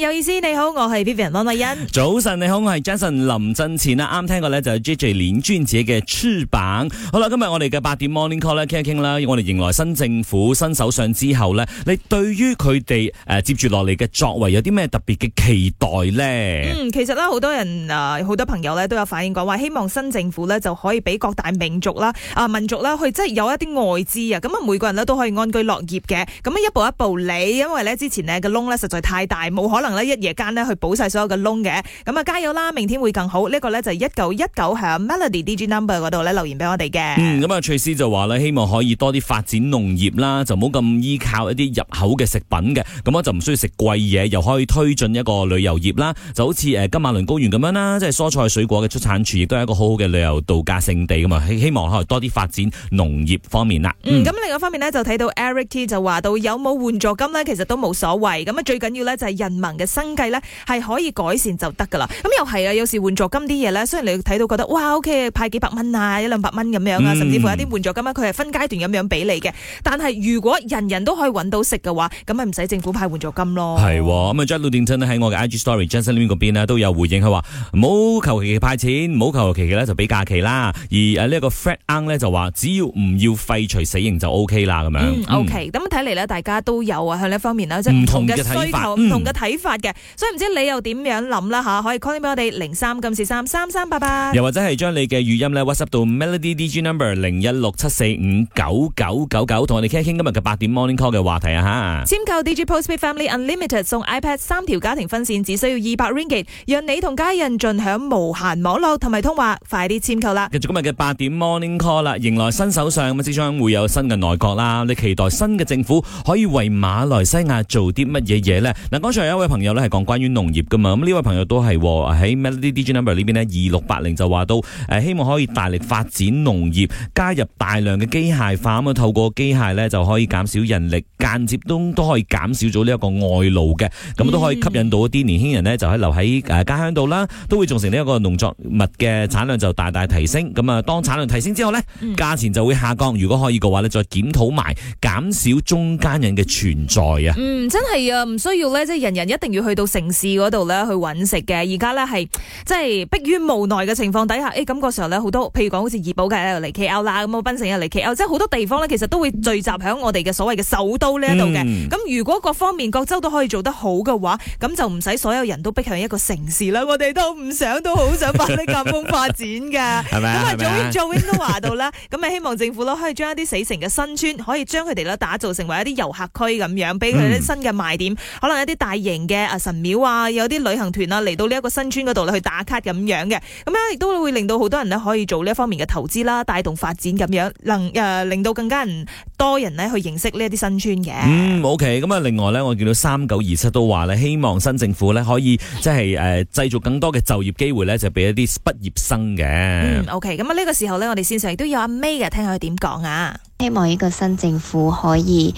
有意思，你好，我係 Vivian 温慧欣。早晨，你好，我係 Jason 林振前啦。啱聽過呢就係 JJ 連專己嘅出版。好啦，今日我哋嘅八點 morning call 咧傾一傾啦。我哋迎來新政府、新首相之後呢，你對於佢哋誒接住落嚟嘅作為有啲咩特別嘅期待呢？嗯，其實呢，好多人啊，好、呃、好多朋友呢都有反映過話，希望新政府呢就可以俾各大民族啦、啊民族啦去即係有一啲外資啊，咁啊每個人呢都可以安居樂業嘅。咁啊一步一步嚟，因為呢之前呢個窿呢，實在太大，冇可。可能一夜間咧去補晒所有嘅窿嘅，咁啊加油啦！明天會更好。呢、這個呢就一九一九響 Melody D G Number 嗰度咧留言俾我哋嘅。咁啊、嗯，翠斯就話呢，希望可以多啲發展農業啦，就唔好咁依靠一啲入口嘅食品嘅，咁啊就唔需要食貴嘢，又可以推進一個旅遊業啦。就好似誒金馬倫高原咁樣啦，即係蔬菜水果嘅出產處，亦都係一個好好嘅旅遊度假勝地咁啊，希望可以多啲發展農業方面啦。咁、嗯嗯、另一方面呢，就睇到 Eric、T. 就話到，有冇援助金呢？其實都冇所謂，咁啊最緊要呢就係人民。嘅生計咧，係可以改善就得噶啦。咁又係啊，有時援助金啲嘢咧，雖然你睇到覺得哇，OK，派幾百蚊啊，一兩百蚊咁樣啊，嗯、甚至乎一啲援助金啊，佢係分階段咁樣俾你嘅。但係如果人人都可以搵到食嘅話，咁咪唔使政府派援助金咯。係咁啊，Justin 咧喺我嘅 IG story，Justin 邊個邊咧都有回應，佢話唔好求其派錢，唔好求其其就俾假期啦。而呢一個 Fred Ang 咧就話，只要唔要廢除死刑就 OK 啦，咁樣。OK，咁睇嚟咧，大家都有啊向呢方面啦，即係唔同嘅睇法，唔同嘅睇。嗯發嘅，所以唔知你又點樣諗啦吓，可以 call 啲俾我哋零三四三三三八八，又或者係將你嘅語音咧 WhatsApp 到 Melody D G Number 零一六七四五九九九九，同我哋傾一傾今日嘅八點 Morning Call 嘅話題啊吓。簽購 D G Postpaid Family Unlimited 送 iPad 三條家庭分線，只需要二百 Ringgit，讓你同家人盡享無限網絡同埋通話，快啲簽購啦！繼續今日嘅八點 Morning Call 啦，迎來新首相咁啊，即將會有新嘅內閣啦，你期待新嘅政府可以為馬來西亞做啲乜嘢嘢呢？嗱，剛才有一位。朋友咧係講關於農業噶嘛，咁呢位朋友都係喺 Melody Number 呢邊呢，二六八零就話到誒希望可以大力發展農業，加入大量嘅機械化，咁啊透過機械咧就可以減少人力，間接都都可以減少咗呢一個外勞嘅，咁都可以吸引到一啲年輕人呢，就喺留喺誒家鄉度啦，都會造成呢一個農作物嘅產量就大大提升，咁啊當產量提升之後呢，價錢就會下降，如果可以嘅話呢，再檢討埋減少中間人嘅存在啊，嗯真係啊唔需要咧即係人人一。定要去到城市嗰度咧去揾食嘅，而家咧係即係迫於無奈嘅情況底下，誒、欸、咁、咁個時候咧好多，譬如講好似怡寶嘅咧嚟 K L 啦、啊，咁啊檳城又嚟 K L，即係好多地方咧其實都會聚集響我哋嘅所謂嘅首都呢一度嘅。咁、嗯、如果各方面各州都可以做得好嘅話，咁就唔使所有人都逼向一個城市啦。我哋都唔想，都好想發里鑑風發展嘅，係咪咁啊，Joey 都話到啦，咁啊希望政府咧可以將一啲死城嘅新村，可以將佢哋咧打造成為一啲遊客區咁樣，俾佢啲新嘅賣點，嗯、可能一啲大型嘅。嘅神廟啊，有啲旅行團啊，嚟到呢一個新村嗰度去打卡咁樣嘅，咁樣亦都會令到好多人呢可以做呢一方面嘅投資啦，帶動發展咁樣，能誒、呃、令到更加人多人呢去認識呢一啲新村嘅。嗯，OK，咁啊，另外呢，我見到三九二七都話呢，希望新政府呢可以即係誒製造更多嘅就業機會呢，就俾一啲畢業生嘅。嗯，OK，咁啊呢個時候呢，我哋線上亦都有阿 May 嘅，聽下佢點講啊。希望呢個新政府可以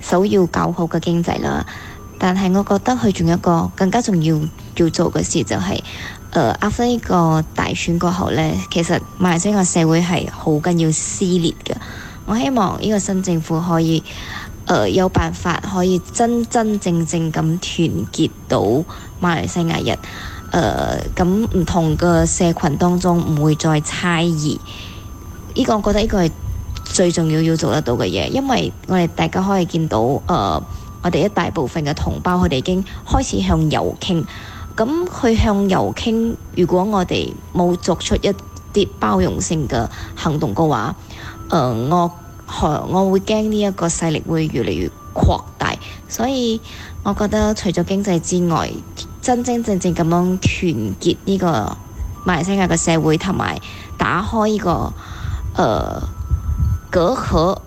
首要搞好嘅經濟啦。但係，我覺得佢仲有一個更加重要要做嘅事，就係，就、呃、係，誒，阿呢個大選過後咧，其實馬來西亞社會係好緊要的撕裂嘅。我希望呢個新政府可以，誒、呃，有辦法可以真真正正咁團結到馬來西亞人，誒、呃，咁唔同嘅社群當中唔會再猜疑。呢、這個我覺得呢個係最重要要做得到嘅嘢，因為我哋大家可以見到，誒、呃。我哋一大部分嘅同胞，佢哋已經開始向右傾。咁佢向右傾，如果我哋冇作出一啲包容性嘅行動嘅話，誒、呃，我我會驚呢一個勢力會越嚟越擴大。所以，我覺得除咗經濟之外，真真正正咁樣團結呢個馬來西亞嘅社會，同埋打開呢個誒、呃、隔閡。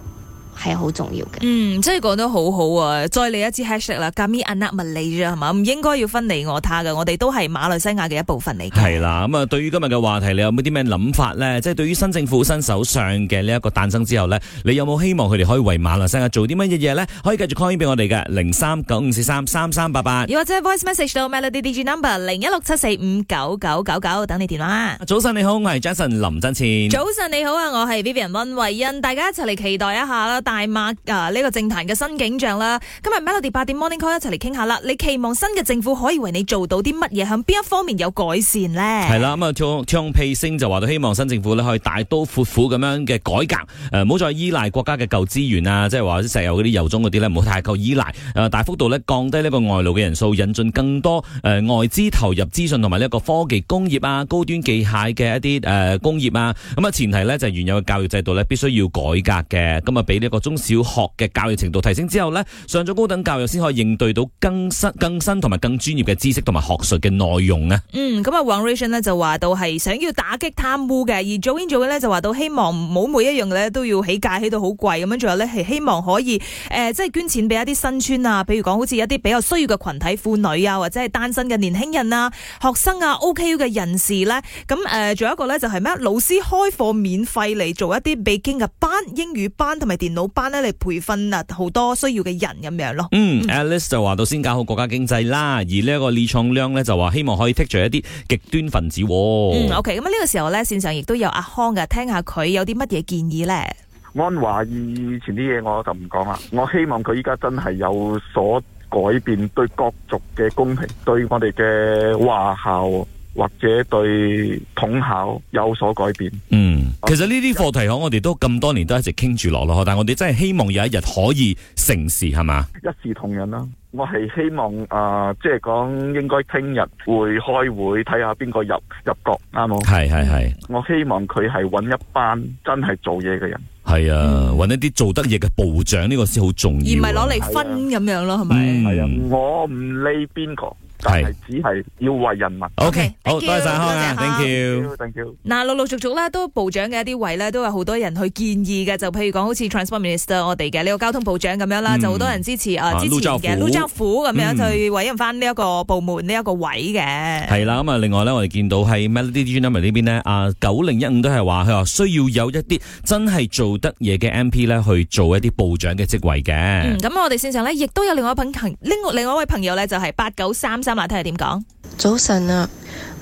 係好重要嘅，嗯，真係講得好好啊！再嚟一次 hash 啦 give me acknowledgement 啫，係嘛？唔應該要分你我他嘅，我哋都係馬來西亞嘅一部分嚟嘅。係啦，咁、嗯、啊，對於今日嘅話題，你有冇啲咩諗法咧？即係對於新政府新首相嘅呢一個誕生之後咧，你有冇希望佢哋可以為馬來西亞做啲乜嘢嘢咧？可以繼續 call 俾我哋嘅零三九五四三三三八八，又或者 voice message 到 Melody DJ number 零一六七四五九九九九，等你電話。早晨你好，我係 Jason 林振前。早晨你好啊，我係 Vivian 温慧欣，大家一齊嚟期待一下啦！大罵啊！呢、這個政壇嘅新景象啦，今日馬六地八點 Morning Call 一齊嚟傾下啦。你期望新嘅政府可以為你做到啲乜嘢？向邊一方面有改善呢？係啦，咁、嗯、啊，槍槍屁聲就話到，希望新政府咧可以大刀闊斧咁樣嘅改革。唔、呃、好再依賴國家嘅舊資源啊，即係話石油嗰啲油棕嗰啲咧，唔好太過依賴。大幅度咧降低呢個外勞嘅人數，引進更多誒外資投入資訊同埋呢一個科技工業啊，高端機械嘅一啲誒工業啊。咁、嗯、啊，嗯、前提呢，就是、原有嘅教育制度呢，必須要改革嘅。咁啊，俾啲。個中小學嘅教育程度提升之後呢，上咗高等教育先可以應對到更新、更新同埋更專業嘅知識同埋學術嘅內容呢，嗯，咁啊，One 呢就話到係想要打擊貪污嘅，而 j o y j 就話到希望唔好每一樣嘅咧都要起價起到好貴咁樣，仲有呢係希望可以誒，即、呃、係、就是、捐錢俾一啲新村啊，譬如講好似一啲比較需要嘅群體婦女啊，或者係單身嘅年輕人啊、學生啊、O K U 嘅人士呢。咁誒，仲有一個呢就係、是、咩？老師開課免費嚟做一啲北京嘅班、英語班同埋電腦。老班咧嚟培訓啊，好多需要嘅人咁樣咯。嗯、嗯，Alice 就話到先搞好國家經濟啦，而呢一個李創亮咧就話希望可以剔除一啲極端分子。嗯，OK，咁呢個時候咧線上亦都有阿康嘅，聽下佢有啲乜嘢建議咧。安華以前啲嘢我就唔講啦，我希望佢依家真係有所改變，對各族嘅公平，對我哋嘅華校。或者對統考有所改變。嗯，嗯，其實呢啲課題，嗯、我我哋都咁多年都一直傾住落咯，但係我哋真係希望有一日可以成事，係嘛？一視同仁啦，我係希望啊，即係講，應該聽日會開會睇下邊個入入局啱，冇？係係係，係係係，我希望佢係揾一班真係做嘢嘅人。係啊，揾、嗯、一啲做得嘢嘅部長呢，呢個先好重要，而唔係攞嚟分咁，啊、樣咯，係咪？係啊，我唔理邊個。但係只係要為人民。O K，好，多謝晒啊，thank you，thank you。嗱，陸陸續續咧都部長嘅一啲位咧，都有好多人去建議嘅。就譬如講好似 Transport Minister 我哋嘅呢個交通部長咁樣啦，就好多人支持啊，支持嘅。盧章虎咁樣去委任翻呢一個部門呢一個位嘅。係啦，咁啊，另外咧我哋見到係 Malaysia Journal 呢邊咧啊，九零一五都係話佢話需要有一啲真係做得嘢嘅 M P 咧去做一啲部長嘅職位嘅。嗯，咁我哋線上咧亦都有另外一位朋，另外另外一位朋友咧就係八九三三。睇下點講？看看早晨啊，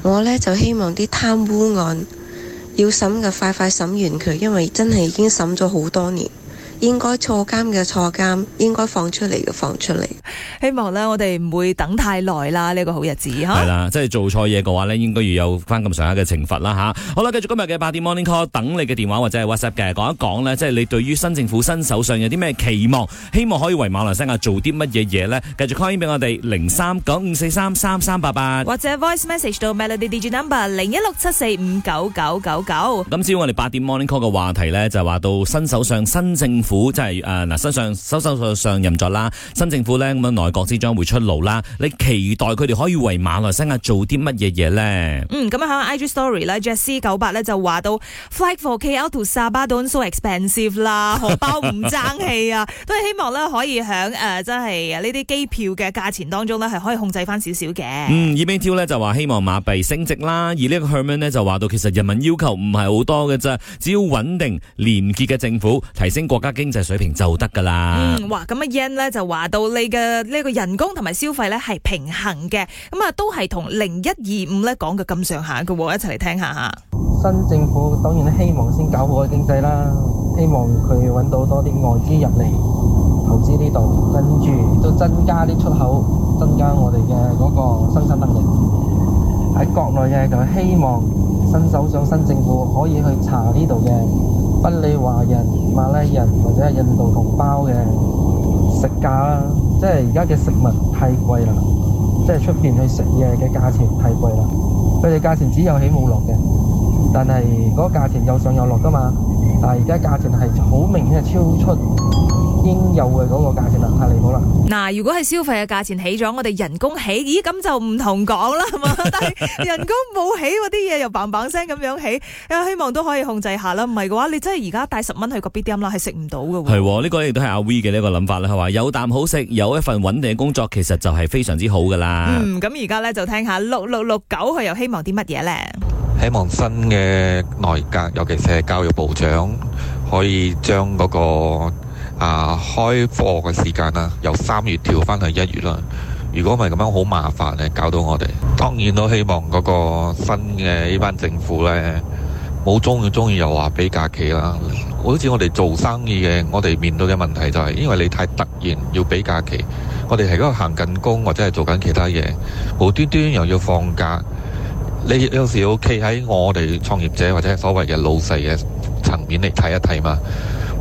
我呢就希望啲貪污案要審嘅快快審完佢，因為真係已經審咗好多年。應該坐監嘅坐監，應該放出嚟嘅放出嚟。希望咧，我哋唔會等太耐啦。呢個好日子，嗬，係啦，即係做錯嘢嘅話咧，應該要有翻咁上下嘅懲罰啦，吓。好啦，繼續今日嘅八點 morning call，等你嘅電話或者係 whatsapp 嘅，講一講咧，即係你對於新政府新手上有啲咩期望，希望可以為馬來西亞做啲乜嘢嘢咧。繼續 call 翻俾我哋零三九五四三三三八八，或者 voice message 到 melody DJ number 零一六七四五九九九九。今朝我哋八點 morning call 嘅話題咧，就話到新手上新政府。府即係誒嗱，身上收收上，上任咗啦，新政府咧，咁樣內閣之將會出爐啦。你期待佢哋可以為馬來西亞做啲乜嘢嘢咧？嗯，咁啊喺 IG Story 呢 Jess C 九八咧，就話到 Flight for KL to Sabah 都 so expensive 啦，荷包唔爭氣啊， 都係希望咧可以響誒即係呢啲機票嘅價錢當中呢，係可以控制翻少少嘅。嗯，Eva 呢就話希望馬幣升值啦，而呢個 Herman 呢，就話到其實人民要求唔係好多嘅啫，只要穩定廉潔嘅政府，提升國家。經濟水平就得噶啦。嗯，話咁嘅 yen 咧就話到你嘅呢個人工同埋消費咧係平衡嘅，咁啊都係同零一二五咧講嘅咁上下嘅，一齊嚟，聽下吓。新政府當然希望先搞好個經濟啦，希望佢搵到多啲外資入嚟投資呢度，跟住都增加啲出口，增加我哋嘅嗰個生產能力。喺國內嘅就希望新首相、新政府可以去查呢度嘅。不理華人、馬來人或者印度同胞嘅食價啦，即係而家嘅食物太貴啦，即係出面去食嘢嘅價錢太貴啦。佢哋價錢只有起冇落嘅，但係嗰個價錢有上有落㗎嘛。但係而家價錢係好明顯係超出。應有嘅嗰個價錢啦，吓你冇啦。嗱，如果係消費嘅價錢起咗，我哋人工起，咦咁就唔同講啦，係嘛？但係人工冇起，我啲嘢又 bang bang 聲咁樣起，啊希望都可以控制下啦。唔係嘅話，你真係而家帶十蚊去個 b 店啦，係食唔到嘅。係呢個亦都係阿 V 嘅呢個諗法啦，係話有啖好食，有一份穩定嘅工作，其實就係非常之好噶啦。嗯，咁而家咧就聽下六六六九，佢又希望啲乜嘢咧？希望新嘅內閣，尤其是係教育部長，可以將嗰個。啊！開課嘅時間啦，由三月調返去一月啦。如果唔係咁樣，好麻煩咧，搞到我哋。當然都希望嗰個新嘅呢班政府咧冇中意中意又話俾假期啦。好似我哋做生意嘅，我哋面對嘅問題就係，因為你太突然要俾假期，我哋係嗰度行緊工或者係做緊其他嘢，無端端又要放假。你有時要企喺我哋創業者或者係所謂嘅老細嘅層面嚟睇一睇嘛？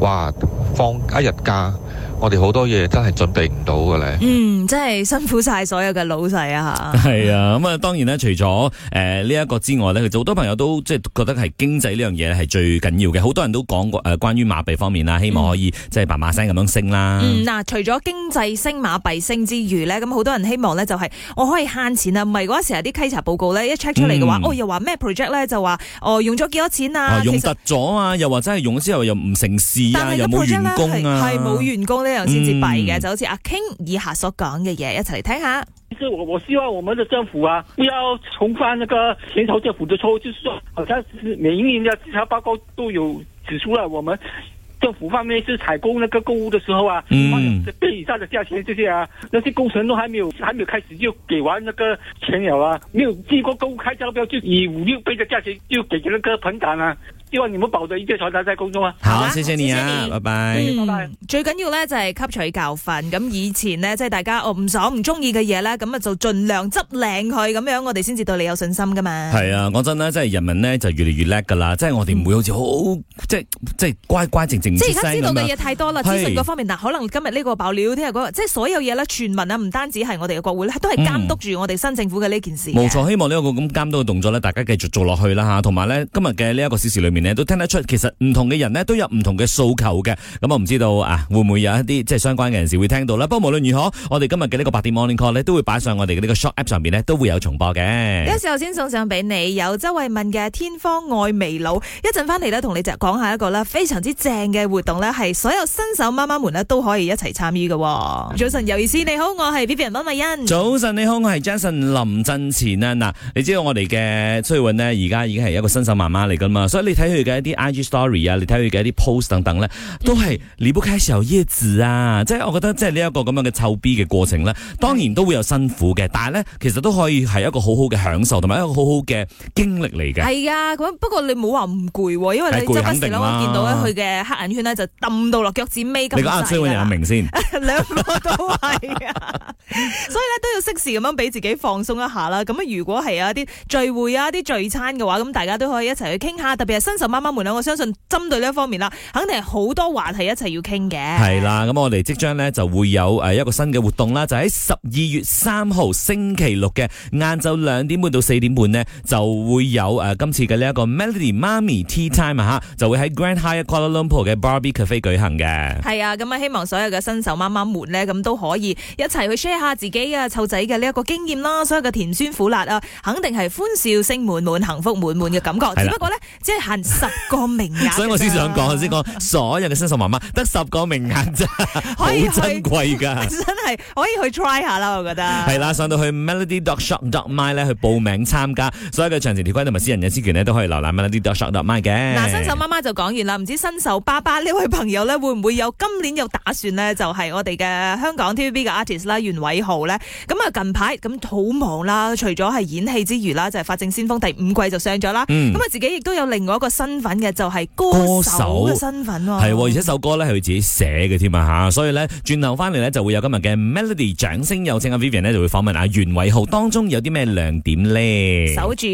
哇！放一日假。我哋好多嘢真係準備唔到嘅咧，嗯，真係辛苦晒所有嘅老細啊吓，係啊，咁、嗯、啊，當然咧，除咗誒呢一個之外咧，佢好多朋友都即係覺得係經濟呢樣嘢係最緊要嘅，好多人都講過誒關於馬幣方面啦，希望可以、嗯、即係麻麻聲咁樣升啦。嗯，嗱、呃，除咗經濟升馬幣升之餘咧，咁好多人希望咧就係我可以慳錢啊，唔係嗰時係啲稽查報告咧一 check 出嚟嘅話，嗯、哦，又話咩 project 咧就話哦用咗幾多錢啊，啊，用得咗啊，實又話真係用咗之後又唔成事啊，又冇員工啊，係冇員工呢樣先至弊嘅，就好似阿 King 以下所講嘅嘢，嗯，一齊嚟聽下。其實我我希望我們的政府啊，不要重犯那個前朝政府嘅錯，就是說，好像是每一年的稽查報告都有指出了，我們政府方面是採購那個購物的時候啊，嗯，十倍以上的價錢，這些啊，那些工程都還沒有，還沒有開始就給完那個錢了啊，沒有經過公開招標就以五六倍的價錢就給咗個彭港啊。希望大家唔好暴對，依家坐低真係工作啊！好，謝謝你啊，拜拜，拜拜。最緊要咧就係吸取教訓。咁以前呢，即係大家哦唔爽唔中意嘅嘢咧，咁啊就盡量執靚佢。咁樣我哋先至對你有信心噶嘛。係啊，講真啦，即係人民呢就越嚟越叻噶啦。即係我哋唔會好似好即係即係乖乖靜靜。即係而家知道嘅嘢太多啦，資訊嗰方面嗱，可能今日呢個爆料啲係即係所有嘢咧，全民啊，唔單止係我哋嘅國會都係監督住我哋新政府嘅呢件事。冇錯，希望呢一個咁監督嘅動作咧，大家繼續做落去啦吓同埋咧，今日嘅呢一個小事裏面。都聽得出，其實唔同嘅人呢都有唔同嘅訴求嘅。咁我唔知道啊，會唔會有一啲即係相關嘅人士會聽到啦，不過無論如何，我哋今日嘅呢個八點 morning call 都會擺上我哋嘅呢個 shop app 上面，呢都會有重播嘅。有時候先送上俾你，有周慧敏嘅《天方愛未老》。一陣翻嚟呢，同你就講下一個啦，非常之正嘅活動呢，係所有新手媽媽們呢都可以一齊參與嘅。早晨，尤意思你好，我係 Vivian 溫美欣。早晨你好，我係 Jason 林振前啊。嗱，你知道我哋嘅崔允呢，而家已經係一個新手媽媽嚟噶嘛，所以你睇。佢嘅一啲 IG story 啊，你睇佢嘅一啲 post 等等咧，都係離不開小葉子啊，嗯、即係我覺得即係呢一個咁樣嘅臭逼嘅過程咧。嗯、當然都會有辛苦嘅，但係咧其實都可以係一個好好嘅享受，同埋一個好好嘅經歷嚟嘅。係啊，咁不過你冇話唔攰喎，因為你即刻見到咧佢嘅黑眼圈咧就抌到落腳趾尾咁。你講阿蕭偉明先， 兩個都係、啊， 所以咧都要適時咁樣俾自己放鬆一下啦。咁啊，如果係有一啲聚會啊、一啲聚餐嘅話，咁大家都可以一齊去傾下，特別係新。就媽媽們咧，我相信針對呢一方面啦，肯定係好多話題一齊要傾嘅。係啦，咁我哋即將咧就會有誒一個新嘅活動啦，就喺十二月三號星期六嘅晏晝兩點半到四點半呢，就會有誒今次嘅呢一個 Melody 媽咪 Tea Time 吓，就會喺 Grand High Kuala Lumpur 嘅 Barbie Cafe 舉行嘅。係啊，咁啊希望所有嘅新手媽媽們呢，咁都可以一齊去 share 下自己啊湊仔嘅呢一個經驗啦，所有嘅甜酸苦辣啊，肯定係歡笑聲滿滿、幸福滿滿嘅感覺。的只不過呢，即係限。十個名額， 所以我先想講，先講 所有嘅新手媽媽得十個名額啫，好珍貴噶，真係可以去， 去 try 下啦，我覺得係 啦，上到去 melody.shop.my 去報名參加，所有嘅詳情條規同埋私人嘅私權咧都可以瀏覽 melody.shop.my 嘅。嗱、嗯，新手媽媽就講完啦，唔知新手爸爸呢位朋友咧會唔會有今年有打算呢？就係、是、我哋嘅香港 TVB 嘅 artist 啦，袁偉豪呢。咁啊近排咁好忙啦，除咗係演戲之餘啦，就係、是、法證先鋒第五季就上咗啦，咁啊、嗯、自己亦都有另外一個。身份嘅就係歌手嘅身份、哦，係、哦，而且首歌咧係佢自己寫嘅添啊吓，所以咧轉頭翻嚟咧就會有今日嘅 Melody 掌聲有請阿 Vivian 咧就會訪問阿袁偉豪，當中有啲咩亮點咧？守住。